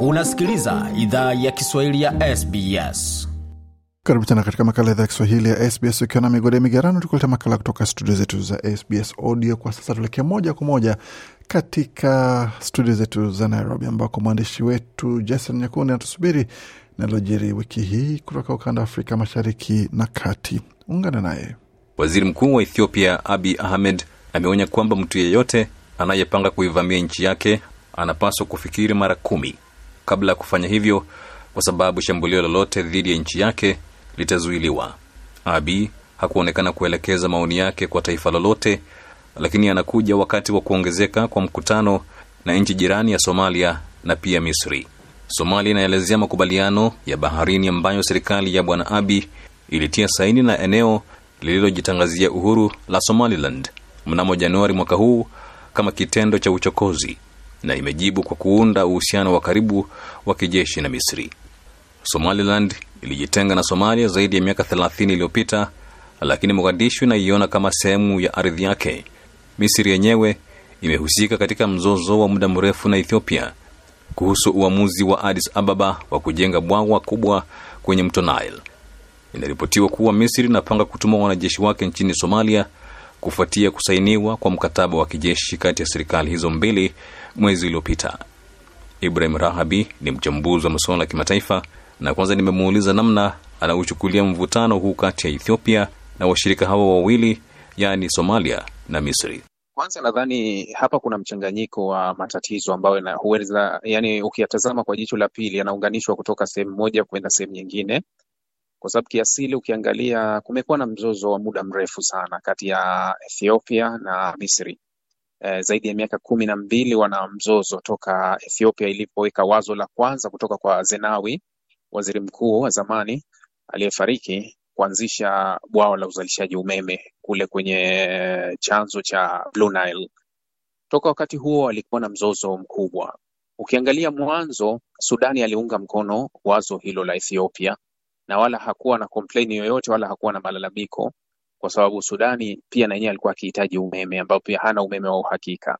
Unasikiliza idhaa ya Kiswahili ya SBS. Karibu tena katika makala idhaa ya Kiswahili ya SBS ukiwa na migode migerano, tukuleta makala kutoka studio zetu za SBS Audio. Kwa sasa tuelekee moja kwa moja katika studio zetu za Nairobi, ambako mwandishi wetu Jason nyakuni anatusubiri nalojiri wiki hii kutoka ukanda wa Afrika mashariki na kati. Ungana naye. Waziri Mkuu wa Ethiopia Abi Ahmed ameonya kwamba mtu yeyote anayepanga kuivamia nchi yake anapaswa kufikiri mara kumi kabla ya kufanya hivyo, kwa sababu shambulio lolote dhidi ya nchi yake litazuiliwa. Abi hakuonekana kuelekeza maoni yake kwa taifa lolote, lakini anakuja wakati wa kuongezeka kwa mkutano na nchi jirani ya Somalia na pia Misri. Somalia inaelezea makubaliano ya baharini ambayo serikali ya Bwana Abi ilitia saini na eneo lililojitangazia uhuru la Somaliland mnamo Januari mwaka huu kama kitendo cha uchokozi na imejibu kwa kuunda uhusiano wa karibu wa kijeshi na Misri. Somaliland ilijitenga na Somalia zaidi ya miaka 30 iliyopita, lakini Mogadishu inaiona kama sehemu ya ardhi yake. Misri yenyewe imehusika katika mzozo wa muda mrefu na Ethiopia kuhusu uamuzi wa Addis Ababa wa kujenga bwawa kubwa kwenye mto Nile. Inaripotiwa kuwa Misri inapanga kutuma wanajeshi wake nchini Somalia kufuatia kusainiwa kwa mkataba wa kijeshi kati ya serikali hizo mbili mwezi uliopita. Ibrahim Rahabi ni mchambuzi wa masuala ya kimataifa na kwanza nimemuuliza namna anaochukulia mvutano huu kati ya Ethiopia na washirika hao wawili yaani Somalia na Misri. Kwanza nadhani hapa kuna mchanganyiko wa matatizo ambayo huweza, yani, ukiyatazama kwa jicho la pili, yanaunganishwa kutoka sehemu moja kwenda sehemu nyingine, kwa sababu kiasili ukiangalia kumekuwa na mzozo wa muda mrefu sana kati ya Ethiopia na Misri. E, zaidi ya miaka kumi na mbili wana mzozo toka Ethiopia ilipoweka wazo la kwanza kutoka kwa Zenawi, waziri mkuu wa zamani aliyefariki, kuanzisha bwawa la uzalishaji umeme kule kwenye chanzo cha Blue Nile. Toka wakati huo alikuwa na mzozo mkubwa. Ukiangalia mwanzo, Sudani aliunga mkono wazo hilo la Ethiopia na wala hakuwa na complain yoyote wala hakuwa na malalamiko, kwa sababu Sudani pia na yeye alikuwa akihitaji umeme ambao pia hana umeme wa uhakika.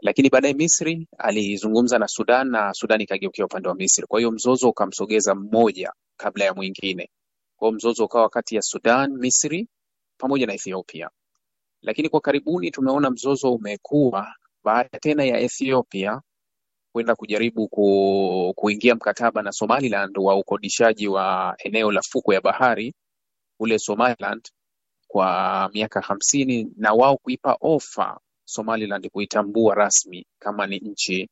Lakini baadaye Misri alizungumza na Sudan na Sudan ikageukia upande wa Misri. Kwa hiyo mzozo ukamsogeza mmoja kabla ya mwingine. Kwa hiyo mzozo ukawa kati ya Sudan, Misri pamoja na Ethiopia. Lakini kwa karibuni tumeona mzozo umekuwa baada tena ya Ethiopia kwenda kujaribu ku, kuingia mkataba na Somaliland wa ukodishaji wa eneo la fukwe ya bahari kule Somaliland kwa miaka hamsini na wao kuipa ofa Somaliland kuitambua rasmi kama ni nchi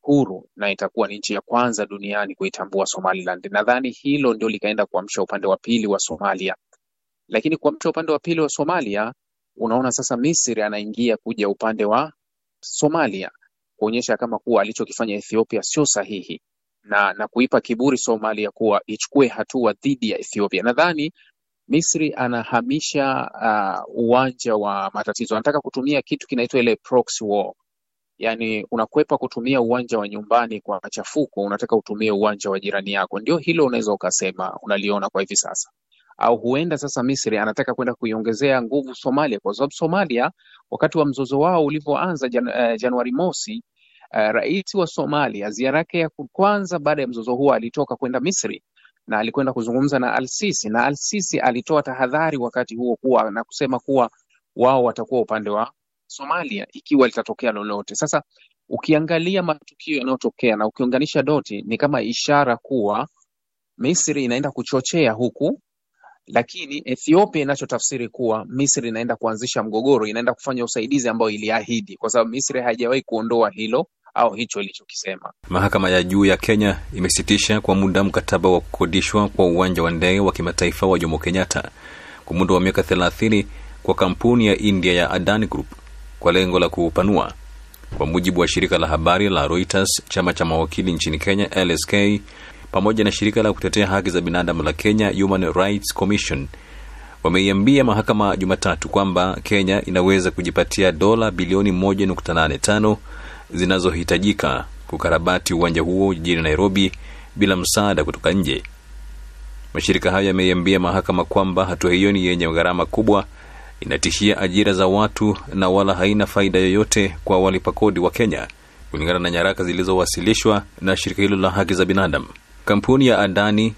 huru na itakuwa ni nchi ya kwanza duniani kuitambua Somaliland. Nadhani hilo ndio likaenda kuamsha upande wa pili wa Somalia, lakini kuamsha upande wa pili wa Somalia, unaona sasa Misri anaingia kuja upande wa Somalia kuonyesha kama kuwa alichokifanya Ethiopia sio sahihi na, na kuipa kiburi Somalia kuwa ichukue hatua dhidi ya Ethiopia. Nadhani Misri anahamisha uh, uwanja wa matatizo, anataka kutumia kitu kinaitwa ile proxy war, yaani unakwepa kutumia uwanja wa nyumbani kwa machafuko, unataka utumie uwanja wa jirani yako. Ndio hilo unaweza ukasema unaliona kwa hivi sasa au huenda sasa Misri anataka kwenda kuiongezea nguvu Somalia, kwa sababu Somalia wakati wa mzozo wao ulivyoanza jan, uh, eh, Januari mosi uh, rais wa Somalia ziara yake ya kwanza baada ya mzozo huo alitoka kwenda Misri na alikwenda kuzungumza na Al-Sisi na Al-Sisi alitoa tahadhari wakati huo kuwa na kusema kuwa wao watakuwa upande wa Somalia ikiwa litatokea lolote. Sasa ukiangalia matukio yanayotokea na ukiunganisha doti, ni kama ishara kuwa Misri inaenda kuchochea huku lakini Ethiopia inachotafsiri kuwa Misri inaenda kuanzisha mgogoro, inaenda kufanya usaidizi ambao iliahidi, kwa sababu Misri haijawahi kuondoa hilo au hicho ilichokisema. Mahakama ya juu ya Kenya imesitisha kwa muda mkataba wa kukodishwa kwa uwanja wa ndege wa kimataifa wa Jomo Kenyatta kwa muda wa miaka thelathini kwa kampuni ya India ya Adani Group kwa lengo la kuupanua. Kwa mujibu wa shirika la habari la Reuters, chama cha mawakili nchini Kenya LSK pamoja na shirika la kutetea haki za binadamu la Kenya Human Rights Commission wameiambia mahakama Jumatatu kwamba Kenya inaweza kujipatia dola bilioni 1.85 zinazohitajika kukarabati uwanja huo jijini Nairobi bila msaada kutoka nje. Mashirika hayo yameiambia mahakama kwamba hatua hiyo ni yenye gharama kubwa, inatishia ajira za watu na wala haina faida yoyote kwa walipa kodi wa Kenya, kulingana na nyaraka zilizowasilishwa na shirika hilo la haki za binadamu. Kampuni ya Adani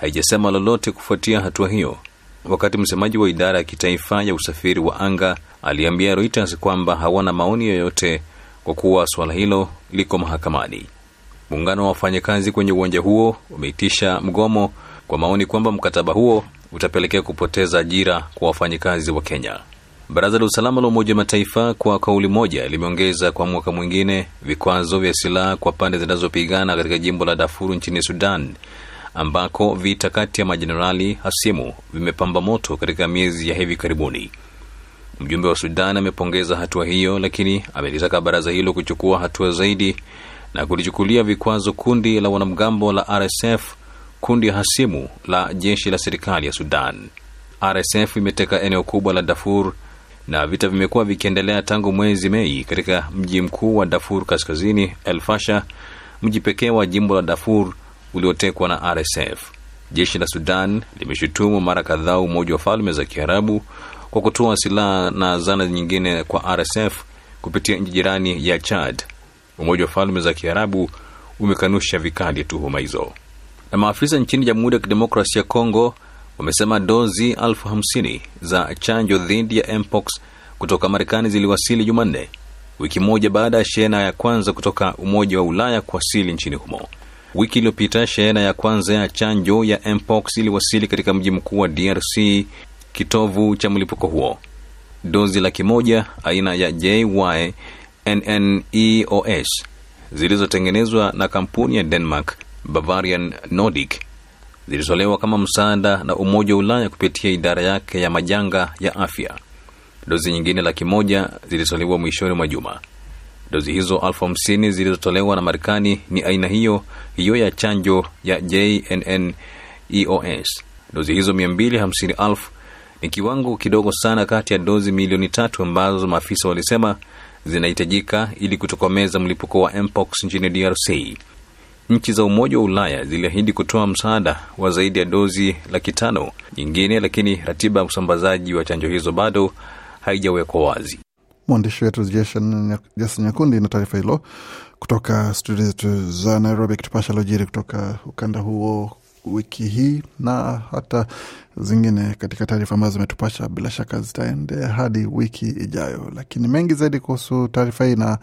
haijasema lolote kufuatia hatua hiyo, wakati msemaji wa idara ya kitaifa ya usafiri wa anga aliambia Reuters kwamba hawana maoni yoyote kwa kuwa suala hilo liko mahakamani. Muungano wa wafanyakazi kwenye uwanja huo umeitisha mgomo kwa maoni kwamba mkataba huo utapelekea kupoteza ajira kwa wafanyakazi wa Kenya. Baraza la Usalama la Umoja Mataifa kwa kauli moja limeongeza kwa mwaka mwingine vikwazo vya silaha kwa pande zinazopigana katika jimbo la Darfur nchini Sudan, ambako vita kati ya majenerali hasimu vimepamba moto katika miezi ya hivi karibuni. Mjumbe wa Sudan amepongeza hatua hiyo, lakini amelitaka baraza hilo kuchukua hatua zaidi na kulichukulia vikwazo kundi la wanamgambo la RSF, kundi hasimu la jeshi la serikali ya Sudan. RSF imeteka eneo kubwa la Darfur na vita vimekuwa vikiendelea tangu mwezi Mei katika mji mkuu wa dafur Kaskazini, El mji pekee wa jimbo la dafur uliotekwa na RSF. Jeshi la Sudan limeshutumu mara kadhaa Umoja wa Falme za Kiarabu kwa kutoa silaha na zana nyingine kwa RSF kupitia nchi jirani ya Chad. Umoja wa Falme za Kiarabu umekanusha vikali tuhuma hizo. Na maafisa nchini Jamhuri ya Kidemokrasia ya Kongo wamesema dozi elfu hamsini za chanjo dhidi ya mpox kutoka Marekani ziliwasili Jumanne, wiki moja baada ya shehena ya kwanza kutoka Umoja wa Ulaya kuwasili nchini humo. Wiki iliyopita shehena ya kwanza ya chanjo ya mpox iliwasili katika mji mkuu wa DRC, kitovu cha mlipuko huo. Dozi laki moja aina ya JYNNEOS zilizotengenezwa na kampuni ya Denmark Bavarian Nordic zilitolewa kama msaada na Umoja wa Ulaya kupitia idara yake ya majanga ya afya. Dozi nyingine laki moja zilitolewa mwishoni mwa juma. Dozi hizo elfu hamsini zilizotolewa na Marekani ni aina hiyo hiyo ya chanjo ya JNNEOS. Dozi hizo mia mbili hamsini elfu ni kiwango kidogo sana kati ya dozi milioni tatu ambazo maafisa walisema zinahitajika ili kutokomeza mlipuko wa mpox nchini DRC. Nchi za Umoja wa Ulaya ziliahidi kutoa msaada wa zaidi ya dozi laki tano nyingine, lakini ratiba ya usambazaji wa chanjo hizo bado haijawekwa wazi. Mwandishi wetu Jason Nyakundi na taarifa hilo kutoka studio zetu za Nairobi, akitupasha lojiri kutoka ukanda huo wiki hii na hata zingine katika taarifa ambazo zimetupasha, bila shaka zitaendea hadi wiki ijayo, lakini mengi zaidi kuhusu taarifa hii na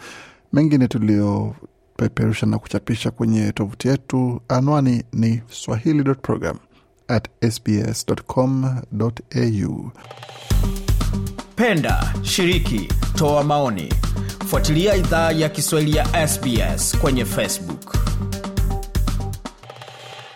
mengine tulio kupeperusha na kuchapisha kwenye tovuti yetu. Anwani ni swahili.program Penda, shiriki, toa maoni, fuatilia idhaa ya Kiswahili ya SBS kwenye Facebook.